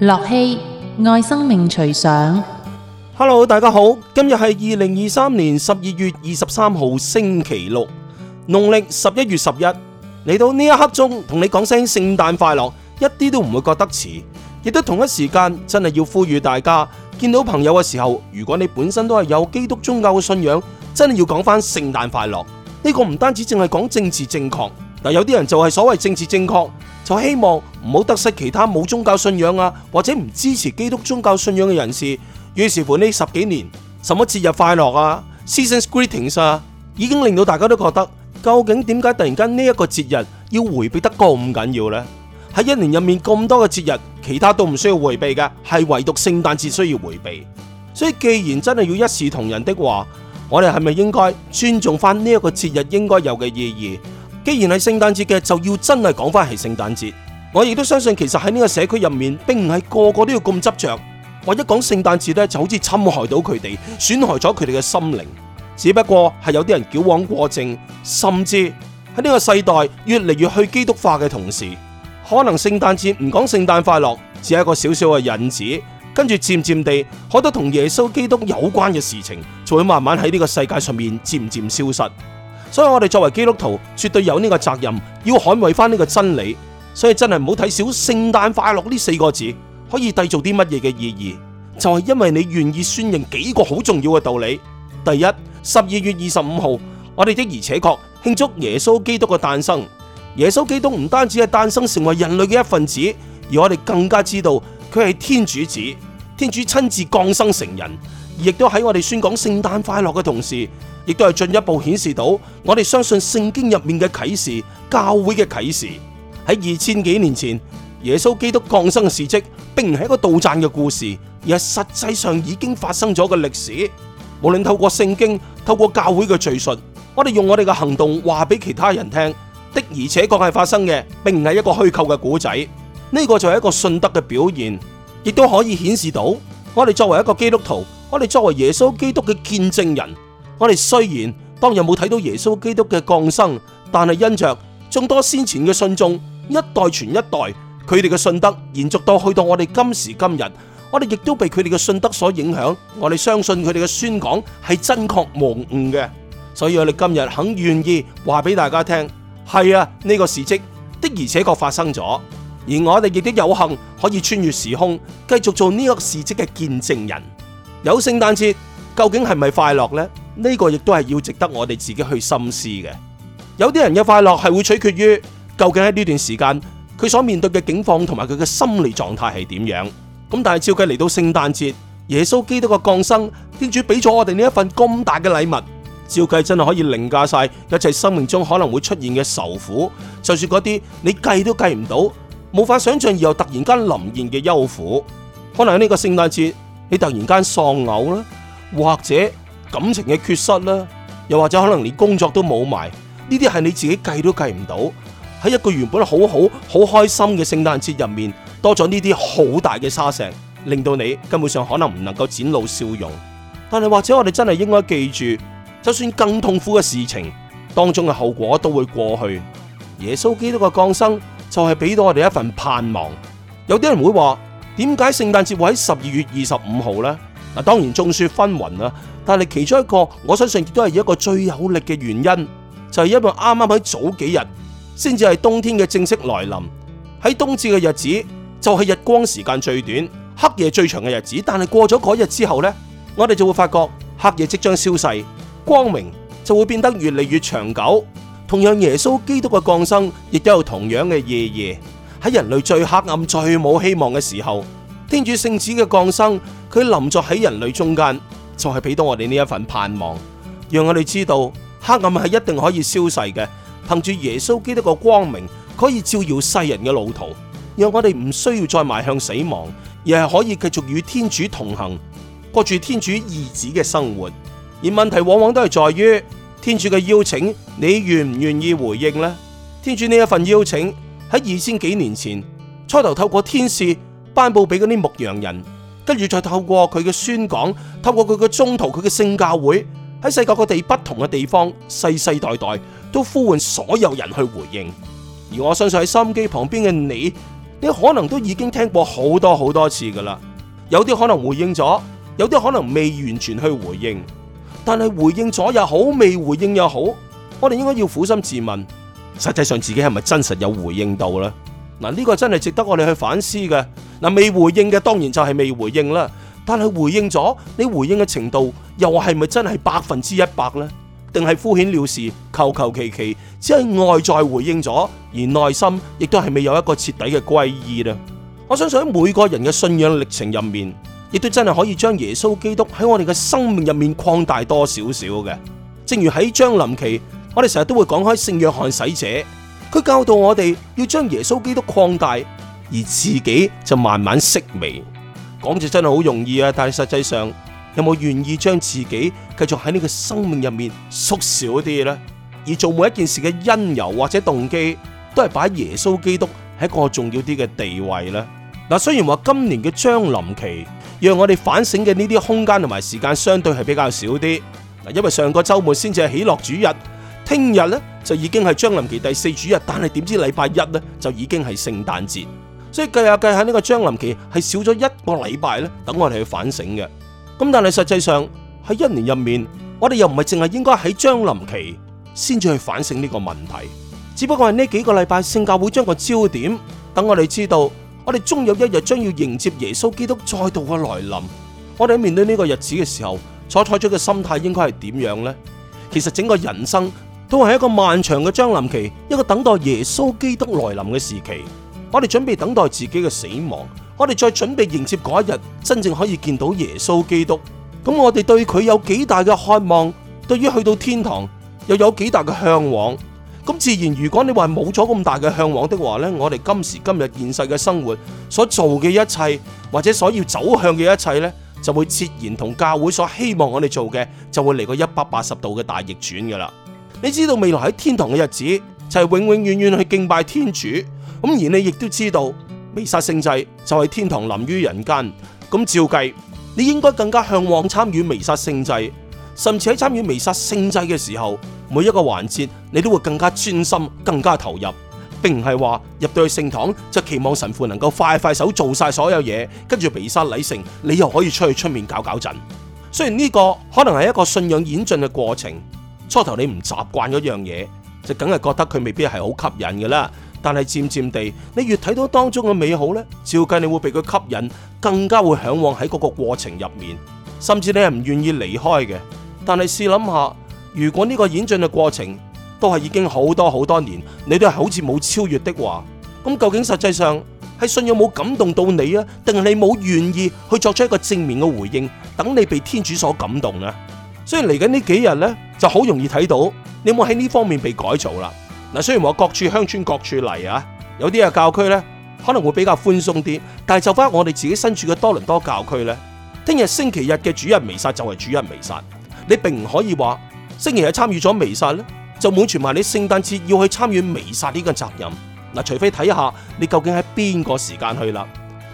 駱曦愛生命隨想，Hello，大家好，今日係二零二三年十二月二十三號星期六，農曆十一月十一。嚟到呢一刻鐘，同你講聲聖誕快樂，一啲都唔會覺得遲，亦都同一時間真係要呼籲大家，見到朋友嘅時候，如果你本身都係有基督宗教嘅信仰，真係要講翻聖誕快樂。呢個唔單止淨係講政治正確，嗱，有啲人就係所謂政治正確。就希望唔好得失其他冇宗教信仰啊，或者唔支持基督宗教信仰嘅人士。於是乎呢十幾年，什麼節日快樂啊，Seasons Greetings 啊，已經令到大家都覺得究竟點解突然間呢一個節日要回避得咁緊要咧？喺一年入面咁多嘅節日，其他都唔需要回避嘅，係唯獨聖誕節需要回避。所以既然真係要一視同仁的話，我哋係咪應該尊重翻呢一個節日應該有嘅意義？既然係聖誕節嘅，就要真係講翻係聖誕節。我亦都相信，其實喺呢個社區入面，並唔係個個都要咁執着，或者一講聖誕節咧，就好似侵害到佢哋，損害咗佢哋嘅心靈。只不過係有啲人矯枉過正，甚至喺呢個世代越嚟越去基督化嘅同時，可能聖誕節唔講聖誕快樂，只係一個小小嘅引子，跟住漸漸地，好多同耶穌基督有關嘅事情，就會慢慢喺呢個世界上面漸漸消失。所以我哋作為基督徒，絕對有呢個責任，要捍衛翻呢個真理。所以真係唔好睇小聖誕快樂呢四個字，可以締造啲乜嘢嘅意義？就係、是、因為你願意宣認幾個好重要嘅道理。第一，十二月二十五號，我哋的而且確慶祝耶穌基督嘅誕生。耶穌基督唔單止係誕生成為人類嘅一份子，而我哋更加知道佢係天主子，天主親自降生成人。亦都喺我哋宣講聖誕快樂嘅同時。亦都係進一步顯示到，我哋相信聖經入面嘅啟示、教會嘅啟示，喺二千幾年前耶穌基督降生事跡，並唔係一個杜撰嘅故事，而係實際上已經發生咗嘅歷史。無論透過聖經、透過教會嘅敘述，我哋用我哋嘅行動話俾其他人聽的、的，而且確係發生嘅，並唔係一個虛構嘅故仔。呢個就係一個信德嘅表現，亦都可以顯示到我哋作為一個基督徒，我哋作為耶穌基督嘅見證人。我哋雖然當日冇睇到耶穌基督嘅降生，但係因着眾多先前嘅信眾一代傳一代，佢哋嘅信德延續到去到我哋今時今日，我哋亦都被佢哋嘅信德所影響。我哋相信佢哋嘅宣講係真確無誤嘅，所以我哋今日肯願意話俾大家聽，係啊，呢個事跡的而且確發生咗，而我哋亦都有幸可以穿越時空，繼續做呢個事跡嘅見證人。有聖誕節，究竟係咪快樂呢？呢個亦都係要值得我哋自己去深思嘅。有啲人嘅快樂係會取決於究竟喺呢段時間佢所面對嘅境況同埋佢嘅心理狀態係點樣。咁、嗯、但係照計嚟到聖誕節，耶穌基督嘅降生，天主俾咗我哋呢一份咁大嘅禮物，照計真係可以凌駕晒一切生命中可能會出現嘅愁苦，就算嗰啲你計都計唔到，冇法想象而又突然間臨現嘅憂苦，可能喺呢個聖誕節你突然間喪偶啦，或者。感情嘅缺失啦，又或者可能連工作都冇埋，呢啲係你自己計都計唔到。喺一個原本好好、好開心嘅聖誕節入面，多咗呢啲好大嘅沙石，令到你根本上可能唔能夠展露笑容。但係或者我哋真係應該記住，就算更痛苦嘅事情當中嘅後果都會過去。耶穌基督嘅降生就係俾到我哋一份盼望。有啲人會話，點解聖誕節會喺十二月二十五號呢？當然眾說紛紜啊，但係其中一個，我相信亦都係一個最有力嘅原因，就係因為啱啱喺早幾日，先至係冬天嘅正式來臨。喺冬至嘅日子，就係日光時間最短、黑夜最長嘅日子。但係過咗嗰日之後呢，我哋就會發覺黑夜即將消逝，光明就會變得越嚟越長久。同樣，耶穌基督嘅降生亦都有同樣嘅意義。喺人類最黑暗、最冇希望嘅時候，天主聖子嘅降生。佢臨在喺人類中間，就係俾到我哋呢一份盼望，讓我哋知道黑暗係一定可以消逝嘅。憑住耶穌基督嘅光明，可以照耀世人嘅路途，讓我哋唔需要再邁向死亡，而係可以繼續與天主同行，過住天主兒子嘅生活。而問題往往都係在於天主嘅邀請，你願唔願意回應呢？天主呢一份邀請喺二千幾年前初頭透過天使頒布俾嗰啲牧羊人。跟住再透過佢嘅宣講，透過佢嘅中途，佢嘅聖教會喺世界各地不同嘅地方，世世代代都呼喚所有人去回應。而我相信喺收音機旁邊嘅你，你可能都已經聽過好多好多次噶啦。有啲可能回應咗，有啲可能未完全去回應。但係回應咗又好，未回應又好，我哋應該要苦心自問，實際上自己係咪真實有回應到呢？嗱，呢個真係值得我哋去反思嘅。嗱，未回應嘅當然就係未回應啦，但係回應咗，你回應嘅程度又係咪真係百分之一百呢？定係敷衍了事，求求其其，只係外在回應咗，而內心亦都係未有一個徹底嘅歸依呢？我相信喺每個人嘅信仰歷程入面，亦都真係可以將耶穌基督喺我哋嘅生命入面擴大多少少嘅。正如喺將臨期，我哋成日都會講開聖約翰洗者，佢教導我哋要將耶穌基督擴大。而自己就慢慢熄微，講就真係好容易啊！但係實際上有冇願意將自己繼續喺呢個生命入面縮小啲咧？而做每一件事嘅因由或者動機都係擺耶穌基督喺一個重要啲嘅地位咧。嗱，雖然話今年嘅將臨期讓我哋反省嘅呢啲空間同埋時間相對係比較少啲嗱，因為上個週末先至係喜樂主日，聽日咧就已經係將臨期第四主日，但係點知禮拜一咧就已經係聖誕節。即係計下計下呢個將臨期係少咗一個禮拜咧，等我哋去反省嘅。咁但係實際上喺一年入面，我哋又唔係淨係應該喺將臨期先至去反省呢個問題。只不過係呢幾個禮拜，聖教會將個焦點等我哋知道，我哋終有一日將要迎接耶穌基督再度嘅來臨。我哋喺面對呢個日子嘅時候，所採取嘅心態應該係點樣呢？其實整個人生都係一個漫長嘅將臨期，一個等待耶穌基督來臨嘅時期。我哋準備等待自己嘅死亡，我哋再準備迎接嗰一日真正可以見到耶穌基督。咁我哋對佢有幾大嘅渴望，對於去到天堂又有幾大嘅向往。咁自然，如果你話冇咗咁大嘅向往的話呢，我哋今時今日現世嘅生活所做嘅一切，或者所要走向嘅一切呢，就會截然同教會所希望我哋做嘅，就會嚟個一百八十度嘅大逆轉噶啦。你知道未來喺天堂嘅日子就係永永遠遠去敬拜天主。咁而你亦都知道，彌撒聖祭就係天堂臨於人間。咁照計，你應該更加向往參與彌撒聖祭，甚至喺參與彌撒聖祭嘅時候，每一個環節你都會更加專心、更加投入，並唔係話入到去聖堂就期望神父能夠快快手做晒所有嘢，跟住彌撒禮成，你又可以出去出面搞搞震。雖然呢個可能係一個信仰演進嘅過程，初頭你唔習慣嗰樣嘢，就梗係覺得佢未必係好吸引㗎喇。但係漸漸地，你越睇到當中嘅美好呢，照計你會被佢吸引，更加會向往喺嗰個過程入面，甚至你係唔願意離開嘅。但係試諗下，如果呢個演進嘅過程都係已經好多好多年，你都係好似冇超越的話，咁究竟實際上係信有冇感動到你啊？定係你冇願意去作出一個正面嘅回應，等你被天主所感動呢？所以嚟緊呢幾日呢，就好容易睇到你有冇喺呢方面被改造啦。嗱，雖然我各處鄉村各處例啊，有啲嘅教區呢，可能會比較寬鬆啲，但係就返我哋自己身處嘅多倫多教區呢，聽日星期日嘅主日彌撒就係主日彌撒，你並唔可以話星期日參與咗彌撒呢，就滿全埋你聖誕節要去參與彌撒呢個責任。嗱，除非睇下你究竟喺邊個時間去啦。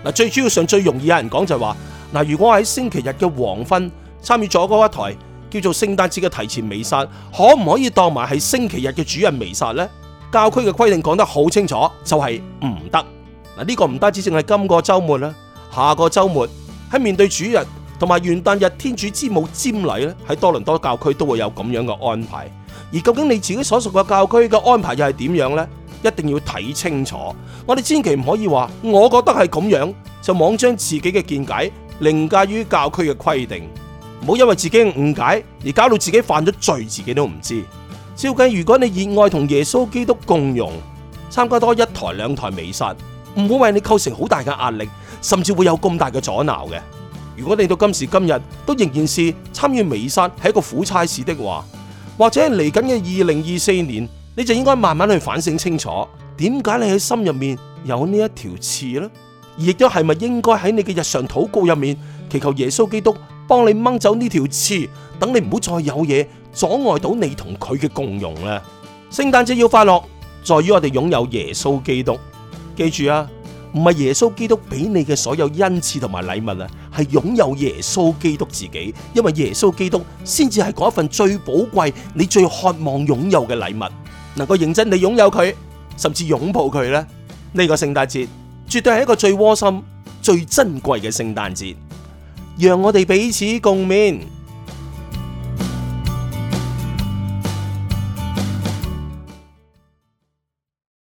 嗱，最主要上最容易有人講就係話，嗱，如果我喺星期日嘅黃昏參與咗嗰一台。叫做聖誕節嘅提前彌撒，可唔可以當埋係星期日嘅主日彌撒呢？教區嘅規定講得好清楚，就係、是、唔得。嗱，呢個唔單止淨係今個周末啦，下個周末喺面對主日同埋元旦日天主之母瞻禮咧，喺多倫多教區都會有咁樣嘅安排。而究竟你自己所屬嘅教區嘅安排又係點樣呢？一定要睇清楚。我哋千祈唔可以話，我覺得係咁樣，就妄將自己嘅見解凌駕於教區嘅規定。唔好因為自己誤解而搞到自己犯咗罪，自己都唔知。照計，如果你熱愛同耶穌基督共融，參加多一台兩台彌撒，唔會為你構成好大嘅壓力，甚至會有咁大嘅阻撓嘅。如果你到今時今日都仍然是參與彌撒係一個苦差事的話，或者嚟緊嘅二零二四年，你就應該慢慢去反省清楚，點解你喺心入面有一條呢一條刺呢？亦都係咪應該喺你嘅日常禱告入面祈求耶穌基督？幫你掹走呢條刺，等你唔好再有嘢阻礙到你同佢嘅共融啦。聖誕節要快樂，在於我哋擁有耶穌基督。記住啊，唔係耶穌基督俾你嘅所有恩賜同埋禮物啊，係擁有耶穌基督自己。因為耶穌基督先至係嗰份最寶貴、你最渴望擁有嘅禮物。能夠認真地擁有佢，甚至擁抱佢呢。呢個聖誕節絕對係一個最窩心、最珍貴嘅聖誕節。讓我哋彼此共勉。